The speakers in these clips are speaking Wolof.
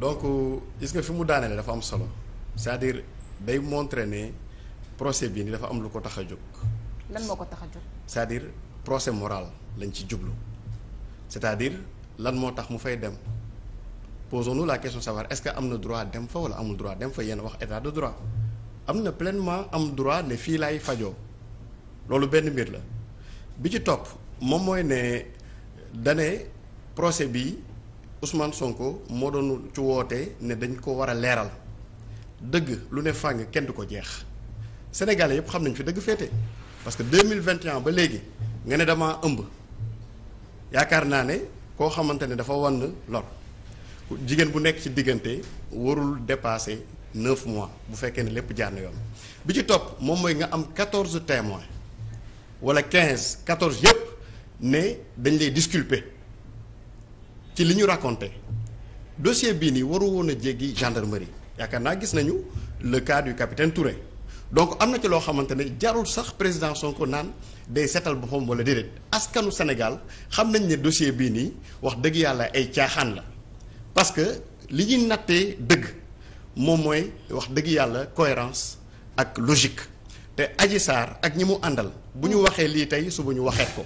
donc gis nga fi mu daaneele dafa am solo c'est-à-dire day montre ne procès bii ni dafa am lu ko tax a jóg. lan moo ko tax a jóg. c'est-à-dire procès moral lañ ci jublu c'est-à-dire lan moo tax mu fay dem posons-nous la question de savoir est-ce que am na droit dem fa wala amul droit dem fa yéen wax état de droit am na pleinement am droit ne fii laay fajoo loolu benn mbir la bi ci topp moom mooy ne dane procès bi Ousmane Sonko moo doonu ci wootee ne dañ ko war a leeral dëgg lu ne fàng kenn du ko jeex sénégal yëpp xam nañ fi dëgg féete parce que 2021 ba léegi nga ne damaa ëmb yaakaar naa ne koo xamante ne dafa wan lor jigéen bu nekk ci diggante warul dépasser neuf mois bu fekkee ne lépp jaar na yoon bi ci topp moom mooy nga am quatorze témoins wala quinze quatorze yëpp ne dañ lay disculper ci li ñu raconté dossier bii nii waru woon a jéggi gendarmerie yaakaar naa gis nañu le cas du capitaine Touré donc am na ci loo xamante ne jarul sax président ko naan day setal boppam wala déedéet askanu Sénégal xam nañ ne dossier bii nii wax dëgg yàlla ay caaxaan la parce que li ñuy nattee dëgg moom mooy wax dëgg yàlla cohérence ak logique te Adji Sarr ak ñi mu àndal bu ñu waxee lii tey suba ñu waxeet ko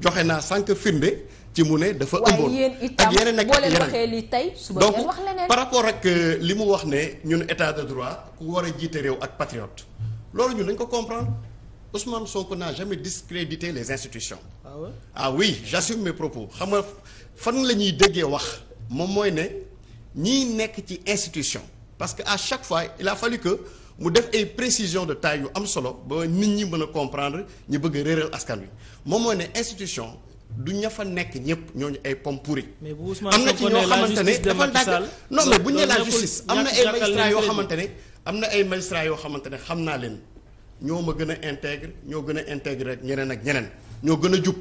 joxe naa sànq firnde ci mu ne dafa ëmboon ak yeneen ak yeneen donc par rapport ak euh, li mu wax ne ñun état de droit ku war a jiite réew ak patriote loolu ñun dañ ko comprendre Ousmane Sonko n'a jamais discrédité les institutions ah, ouais? ah oui j'assume mes propos xam nga fan la ñuy déggee wax moom mooy ne ñi nekk ci institution parce que à chaque fois il a fallu que mu def ay précisions de taille yu am solo ba nit ñi mën a comprendre ñi bëgg a réeral askan wi moom mooy ne institution du ña fa nekk ñëpp ñu ay pommes pourries. mais bu Ousmane am na ci ñoo xamante ne dafa dàgg non mais bu ñu nee la justice am na ay magistrats yoo xamante ne am na ay magistrats yoo xamante ne xam naa leen ñoo ma gën a intègre ñoo gën a intègre rek ñeneen ak ñeneen ñoo gën a jub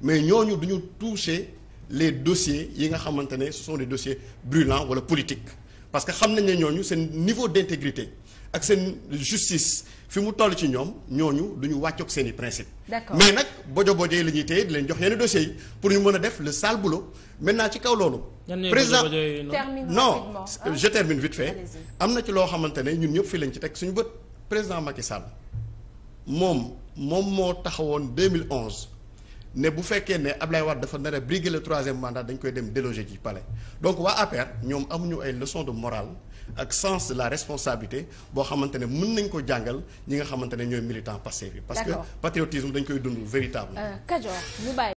mais ñooñu duñu toucher les dossiers yi nga xamante ne ce sont des dossiers brûlants wala politiques. parce que xam nañ ne ñooñu seen niveau d'intégrité ak seen justice fi mu toll ci ñoom ñooñu du ñu wàccook seen i principe mais nag bojo bojo yi la ñuy leen jox yenn dossiers yi pour ñu mën a def le sale boulot maintenant ci kaw loolu président non je termine vite fait am na ci loo xamante ne ñun ñëpp fii lañ ci teg suñu bët président Macky Sall moom moom moo taxawoon 2011 ne bu fekkee ne Ablaye Wade dafa nar a briguer le troisième mandat dañ koy dem déloger ji palais donc waa APR ñoom amuñu ay leçon de morale ak sens de la responsabilité boo xamante ne mën nañ ko jàngal ñi nga xamante ne ñooy militant Pastef yi parce que patriotisme dañ koy dund véritable euh, Kajoor